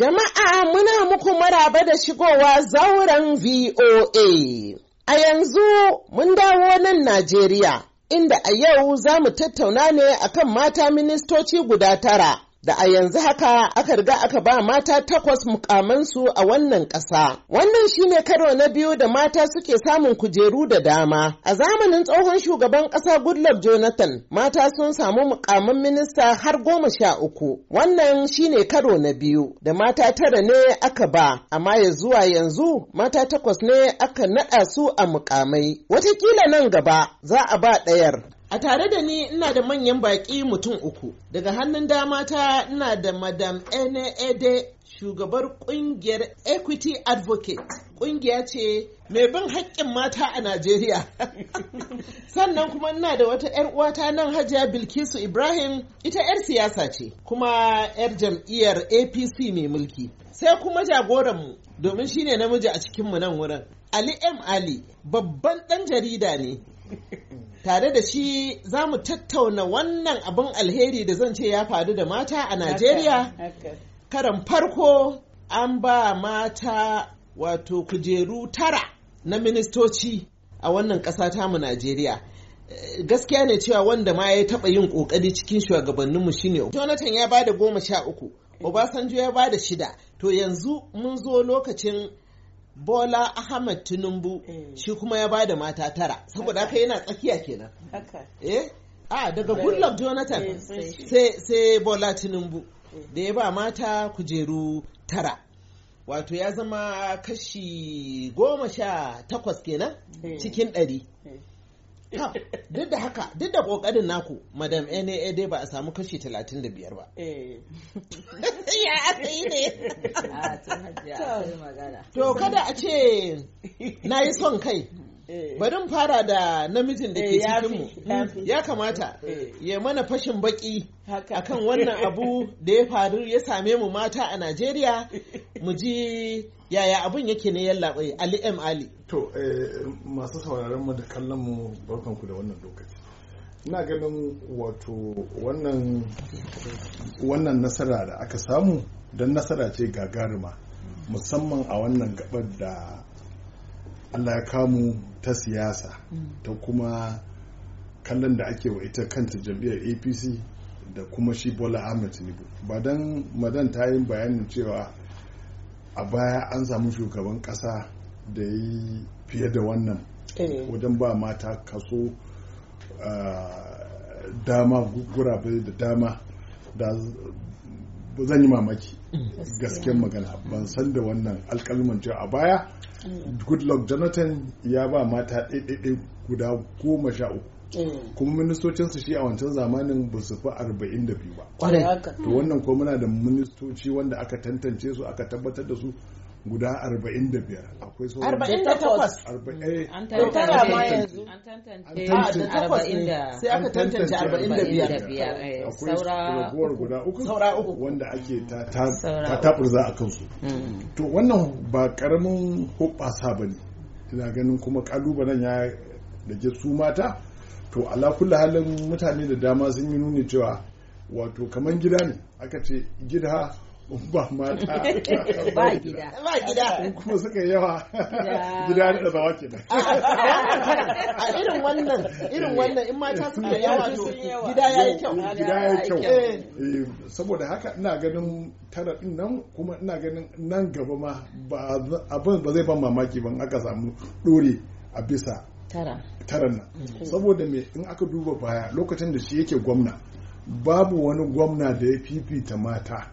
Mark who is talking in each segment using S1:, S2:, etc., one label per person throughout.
S1: Jama'a muna muku maraba da shigowa zauren VOA. A yanzu mun dawo nan Najeriya, inda a yau za mu tattauna ne akan mata ministoci guda tara da a yanzu haka aka riga aka ba mata takwas mukamansu a wannan ƙasa. Wannan shine karo na biyu da mata suke samun kujeru da dama. A zamanin tsohon shugaban ƙasa Goodluck Jonathan, mata sun samu mukamin minista har goma sha uku. Wannan shine karo na biyu da mata tara ne aka ba, amma ya zuwa yanzu mata takwas ne aka naɗa su a mukamai. Watakila nan gaba za a ba ɗayar. A tare da ni ina da manyan baƙi mutum uku. Daga hannun dama ta ina da Madam Ene Ede, shugabar ƙungiyar Equity Advocate. Ƙungiya ce mai bin haƙƙin mata a Najeriya. Sannan kuma ina da wata 'yar uwata nan Hajiya Bilkisu Ibrahim, ita 'yar siyasa ce, kuma 'yar jam'iyyar APC mai mulki. Sai kuma jagoranmu, domin shine namiji a cikinmu nan wurin. Ali M. Ali babban ɗan jarida ne tare da shi za mu tattauna wannan abin alheri da zan ce ya faru da mata a najeriya karan farko an ba mata wato kujeru tara na ministoci a wannan ƙasa tamu najeriya eh, gaskiya ne cewa wanda ma ya taɓa yin ƙoƙari cikin shugabanninmu shine jonathan ya ba da goma sha uku eh. obasanjo ya ba da shida to yanzu mun zo lokacin bola ahmad tinubu eh. shi kuma ya bada mata tara saboda haka yana tsakiya kenan eh a ah, daga goodluck jonathan
S2: eh,
S1: sai bola tinubu eh. da ya ba mata kujeru tara wato ya zama kashi goma sha takwas kenan cikin ɗari duk da haka duk da kokarin naku madam ene dai ba a samu kashi 35 ba eh.
S2: ya aka yi ne to kada a
S1: ce na yi son kai eh. barin fara da namijin da ke eh, cikinmu hmm, ya kamata ya mana fashin baki akan wannan abu da ya faru ya same mu mata a najeriya mu ji
S3: yaya abin yake ne yalla bai ali m ali to eh, masu sauraron mu da kallon mu barkan ku da wannan lokaci ina ganin wato wannan wannan nasara da aka samu don nasara ce gagaruma musamman a wannan gabar da allah ya kamu ta siyasa ta kuma kallon da ake wa ita kanta jam'iyyar apc da kuma shi bola ahmed tinubu ba don madan ta yi bayanin cewa a baya an samu shugaban ƙasa da ya yi fiye da wannan eh. wajen ba mata kaso ah, dama gurabe da dama da zan yi mamaki mm. gasken magana ban san da wannan alkalman cewa a baya mm. goodluck jonathan ya ba mata ɗaiɗaiɗai guda goma sha uku Mm. kuma ministocinsu shi a wancan zamanin ba su fi arba'in da biyu ba to wannan kuma muna da ministoci wanda aka tantance su aka tabbatar da su guda 45 akwai sauran 48 mm. eh, an tantance sai aka tantance 45 eh, saura guda uku saura uku wanda ake ta taburza a kansu mm. to wannan ba karamin hoɓasa ba ne ina ganin kuma kalubalen ya da su mata to ala kulli halin mutane da dama sun yi nuni cewa wato kamar gida ne aka ce gida ba mata ba gida ba gida kuma suka yawa gida da zawa ba. a irin
S1: wannan irin wannan in mata suka yawa to gida ya yi kyau gida ya yi kyau eh.
S3: Eh, saboda haka ina ganin tara din nan kuma ina ganin nan gaba ma abin ba zai ban mamaki ban aka samu dore a bisa tara nan mm. saboda me in aka duba baya lokacin da shi yake gwamna babu wani gwamna da ya fifita mata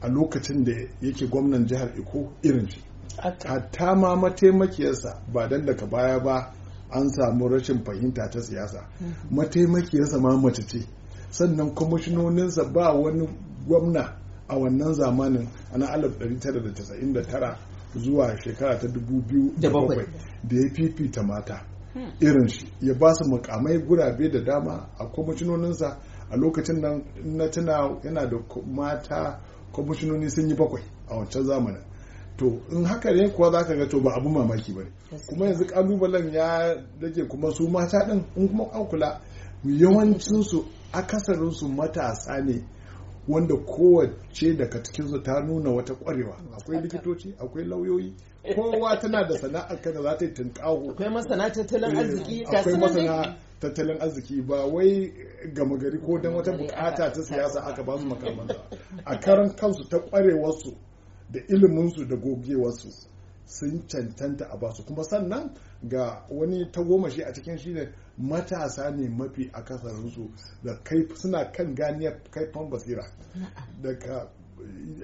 S3: a lokacin da yake gwamnan jihar iko irin shi hatta ma mataimakiyarsa ba dan daga baya ba an samu rashin fahimta ta siyasa mm. mataimakiyarsa ma mace ce sannan kwamishinoninsa ba wani gwamna a wannan zamanin ana 1999 zuwa shekara ta 2007 da ya ta mata hmm. irin shi ya ba su mukamai gurabe da dama a kwamishinoninsa a lokacin nan na tuna yana da mata kwamishinoni sun yi bakwai a wancan zamanin to in haka ne kuwa za ka ga to ba abu mamaki ba ne kuma yanzu kalubalen ya rage kuma su mata din in kuma kankula kula yawancinsu akasarinsu matasa ne wanda kowace daga cikinsu ta nuna wata kwarewa akwai likitoci akwai lauyoyi kowa tana da sana'ar kada za ta yi tunkawo akwai masana tattalin eh, arziki akwai masana tattalin arziki ba wai gama gari ko don wata bukata ta siyasa aka ba su makamansa a karan kansu ta kwarewarsu da iliminsu da gogewarsu sun cancanta a basu kuma sannan ga wani tagomashi a cikin shi ne matasa ne mafi akasarinsu da kai suna kan ganiyar kaifan basira daga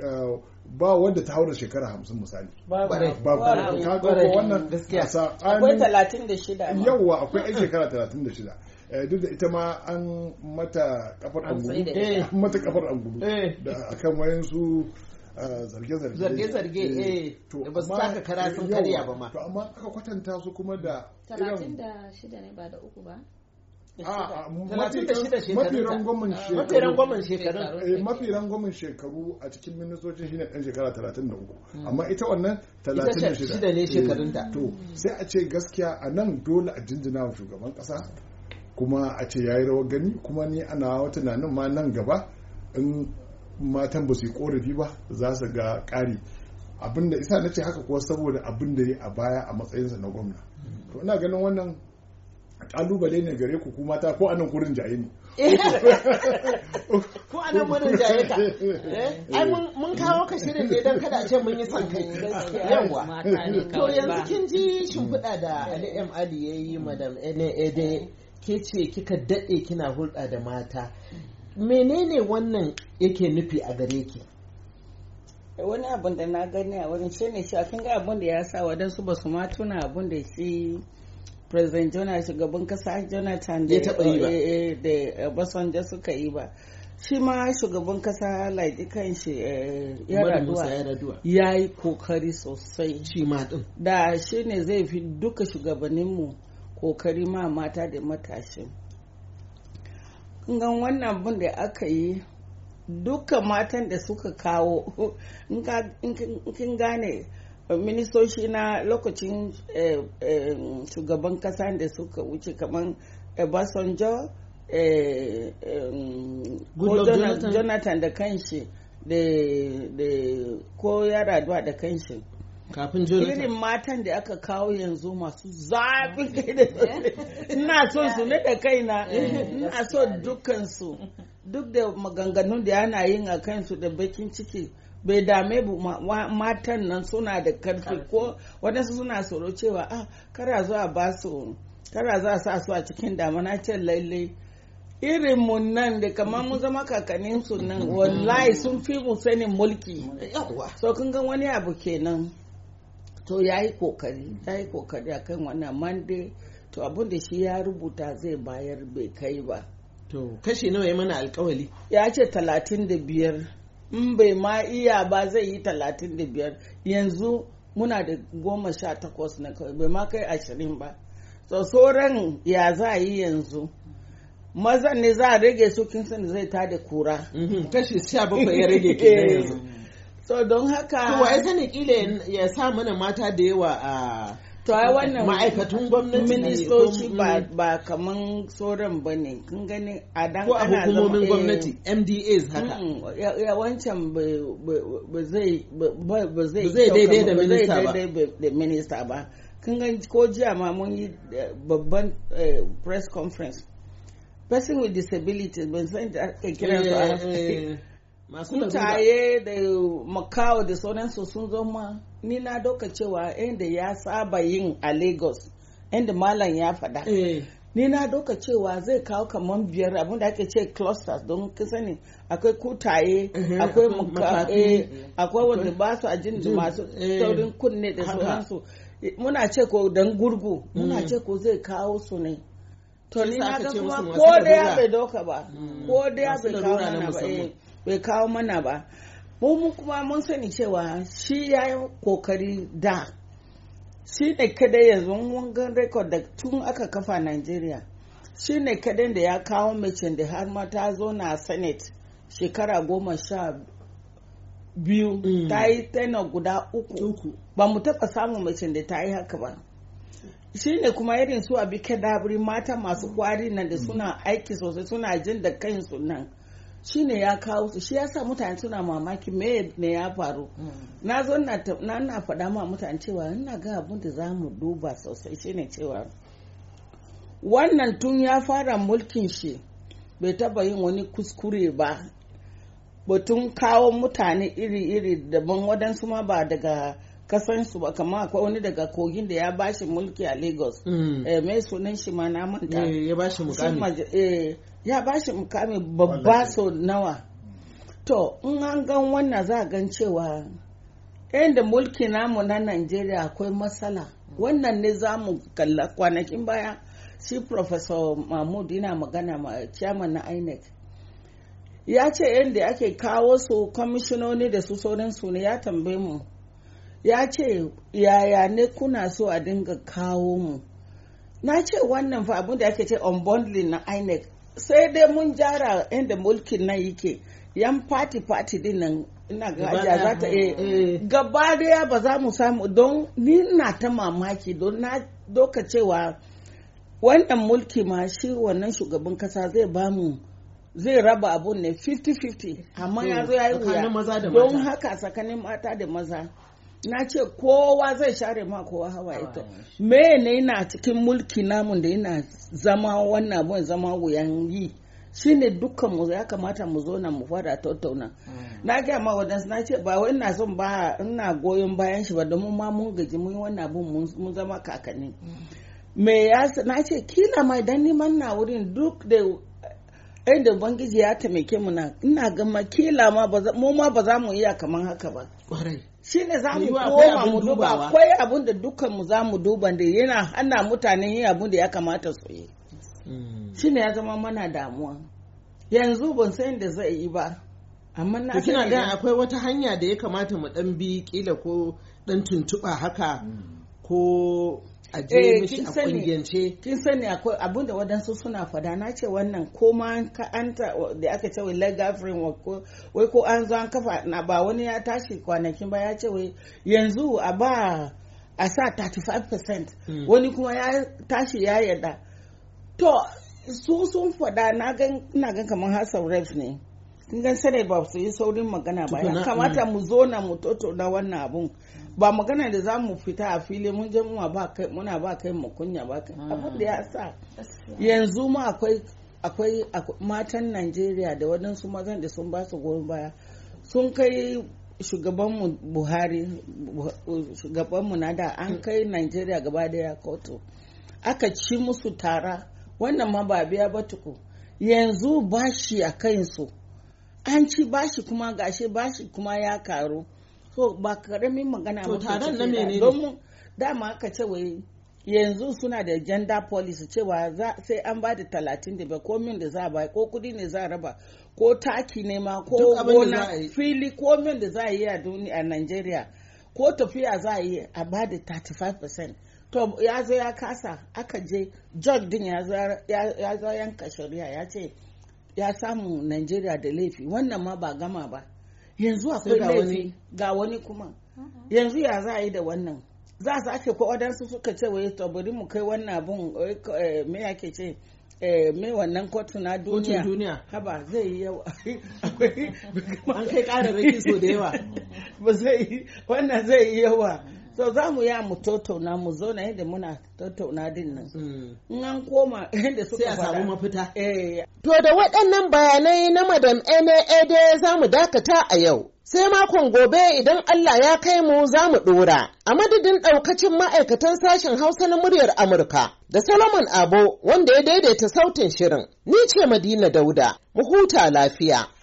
S3: eh, ba wadda ta haura shekara hamsin misali ba ba ga wannan akwai
S2: talatin da shida yawwa
S3: akwai yan shekara talatin da shida eh, duk da ita ma an mata kafar angulu eh, mata kafar angulu da akan wayansu Eh, zarge-zarge eh, eh da ba su taka kara sun karya ba ma to amma aka kwatanta su kuma da
S2: 36 ne ba da uku ba mafi rangwamen shekarun eh,
S3: mafi rangwamen shekaru a cikin ministocin shine ɗan shekara 33 hmm. amma ita wannan 36 ne shekarun da to sai a ce gaskiya a nan dole a jinjina wa shugaban kasa kuma a ce yayi rawar gani kuma ni ana tunanin ma nan gaba in matan ba su yi korafi ba za su ga ƙari abinda isa na ce haka kuwa saboda abinda da ya a baya a matsayinsa na gwamna to ina ganin wannan kalubale ne gare ku kuma ta ko anan kurin jaye ne
S1: ko anan kurin jaye ka eh, ai mun kawo ka shirin ne don kada a ce mun yi son kai yawa to yanzu kin ji shimfiɗa da Ali M Ali yayi madam Ene eh, Ede eh, ke ce kika daɗe kina hulɗa da mata menene wannan yake nufi a gare ki
S2: wani abun da na gani a wurin shi shi a kinga abun da ya sa wadansu ba su ma tuna abun da shi president jonah shugaban kasa jonathan da eh, eh, da obasanjo suka yi ba shi ma shugaban kasa laji kan shi eh, ya ya yi kokari sosai shi ma din da shi ne zai fi duka shugabanninmu kokari ma mata da matashin gan wannan abin da aka yi duka matan da suka kawo in gane ministoci na lokacin eh, eh, shugaban kasa da suka wuce kamar Obasanjo eh, jonathan da kanshi ko yara da kanshi kafin jonathan irin matan da aka kawo yanzu masu zafin kai da ina so su ne da kaina ina so su duk da maganganun da ana yin a kansu da bakin ciki bai dame bu matan nan suna da karfi ko waɗansu suna tsoro cewa ah kara zuwa ba su kara za sa su a cikin damana ce lailai irin mu nan da kamar mu zama kakannin su nan wallahi sun fi mu sanin mulki so kun ga wani abu kenan so ya yi kokari ya yi kokari a kan wannan mande to abin da shi ya rubuta zai bayar bai kai ba to kashi nawa ya mana alkawali ya ce talatin da biyar in bai ma iya ba zai yi talatin da biyar yanzu muna da goma sha takwas na kawai bai ma kai ashirin ba so sauran ya za yi yanzu mazan ne za a rage su sani zai tada kura mhm, kashi sha bakwai ya rage kenan eh. yanzu so don haka to wai
S1: sani kila ya
S2: sa mana mata da yawa a to ai wannan ma'aikatan gwamnati ministoci ba kaman sauran ba ne kun gani a dan ko a hukumomin gwamnati
S1: eh, mdas haka mm,
S2: yawancan ba zai ba zai daidai da minista ba da kun gani ko jiya ma mun yi eh, babban eh, press conference person with disabilities ban san da ake kiransu a mutaye da makawa da sauransu sun zo ma ni na doka cewa inda ya saba yin a lagos inda malam ya faɗa eh. ni na doka cewa zai kawo kamar biyar abinda ake ce clusters don kisa sani. akwai kutaye eh. akwai makae eh, akwai wanda ba su a jin masu saurin kunne da sauransu muna ce ko dan gurgu muna mm. ce ko zai kawo su ne to ni na ga kuma ko da ya bai doka ba mm. ko da ya bai kawo na ba bai kawo mana ba mu kuma mun sani cewa shi ya yi kokari da shi ne kadai yanzu gan rekod da tun aka kafa nigeria shi ne kadai da ya kawo macen da har ma ta zo na senate shekara goma sha biyu mm. ta yi tena guda uku ba mu taɓa samun macen da ta yi haka ba shine kuma irin su a bike mata masu kwari nan da suna aiki sosai suna jin da kansu nan shine ya kawo su shi yasa mutane suna mamaki me ya faru mm. na zo na na faɗa ma mutane cewa ina ga abin da za mu duba sosai shine cewa wannan tun ya fara mulkin shi bai taba yin wani kuskure ba batun kawo mutane iri-iri daban waɗansu ma ba daga kasan su ba kama akwai wani daga kogin da ya bashi mulki a lagos mai mm. eh, sunan shi ma na manta ya bashi mukami eh, ya bashi mukami babba so nawa to in an gan wannan za a gan cewa da mulki namu na nigeria akwai matsala wannan ne za mu kalla kwanakin baya shi professor mahmud yana magana ma chairman na inec ya ce inda ake kawo su kwamishinoni da su sauransu ne ya tambaye mu ya ce yaya ne kuna so a dinga kawo mu na ce wannan fa abin da ake ce unbundling na inec sai dai mun jara inda mulkin nan yake yan fati fati din nan ina ga ajiya za ta eh, eh gaba daya ba za mu samu don ni na ta mamaki don na doka cewa wannan mulki ma shi wannan shugaban kasa zai mu zai raba abun ne 50-50 amma ya zo ya yi wuya don haka tsakanin mata da maza na ce kowa zai share ma kowa hawa to me ne ina cikin mulki namun da ina zama wannan abun zama wuyan yi shine dukkan mu ya kamata mu zo na mu fara tattauna hmm. na ga ma wadansu na ce ba wai ina son ba ina goyon bayan shi ba domin ma mun gaji mun yi wannan abun mun zama kakanni hmm. me ya na ce kila mai dan neman na wurin duk da ai da ubangiji ya taimake mu nan ina ga makila ma mu ma ba za mu iya kaman haka ba kwarai ne za mu koma mu duba akwai abin da dukkan mu za mu duba da yana hana mutane yin abin da ya kamata su yi hmm. ne ya zama mana damuwa yanzu ban san da zai yi ba amma na kina ga akwai wata hanya da ya kamata mu dan bi kila ko dan tuntuba haka hmm. ko a eh, mishi a kungiyance kin sani akwai abin da wadansu suna fada na ce wannan ko ma ka an da aka ce wai leg framework ko wai ko an zo an kafa na ba wani ya tashi kwanakin ba ya ce wai yanzu a ba a sa 35% hmm. wani kuma ya tashi ya yada to su sun fada na gan ina gan kamar hasan of reps ne in gan sai ba su yi saurin magana ba ya kamata mm. mu zo na mu toto na wannan abun ba magana da za mu fita a fili mun je muna ba kai muna ba kai mu kunya ba kai ah. abin da ya sa yanzu ma akwai akwai matan Najeriya da wadansu mazan da sun ba su goyon baya sun kai shugabanmu Buhari shugabanmu na da an kai Najeriya gaba daya kotu aka ci musu tara wannan ma ba biya ba tuku yanzu bashi a kansu an ci bashi kuma gashi bashi kuma ya karu so ba karamin magana ba taron na menene domin dama aka ce wai yanzu suna da gender policy cewa sai an ba da talatin da ko min da za a ko kudi ne za raba ko taki ne ma ko gona fili ko min da za yi a duniya a nigeria ko tafiya za yi a ba da 35% to ya zo ya kasa aka je judge din ya zo yanka shari'a ya ce ya samu Najeriya da laifi wannan ma ba gama ba yanzu akwai laifi ga wani kuma uh-huh. yanzu ya za a yi da wannan za su ake ko wadansu suka ce wai to bari mu kai wannan abun eh, me yake ce eh, me wannan kotu na duniya duniya haba zai yi yawa an kai ƙara so da yawa ba zai wannan zai yi yawa so za mu ya mu tattauna mu zo na yadda muna tattauna din nan hmm. in an koma yadda suka fara. sai a samu mafita eh.
S1: to da waɗannan bayanai na madam NAA za mu dakata a yau sai makon gobe idan Allah ya kai mu za mu ɗora. A madadin ɗaukacin ma'aikatan sashen Hausa na muryar Amurka da Salomon Abo wanda ya daidaita sautin shirin, ni ce Madina Dauda, mu huta lafiya.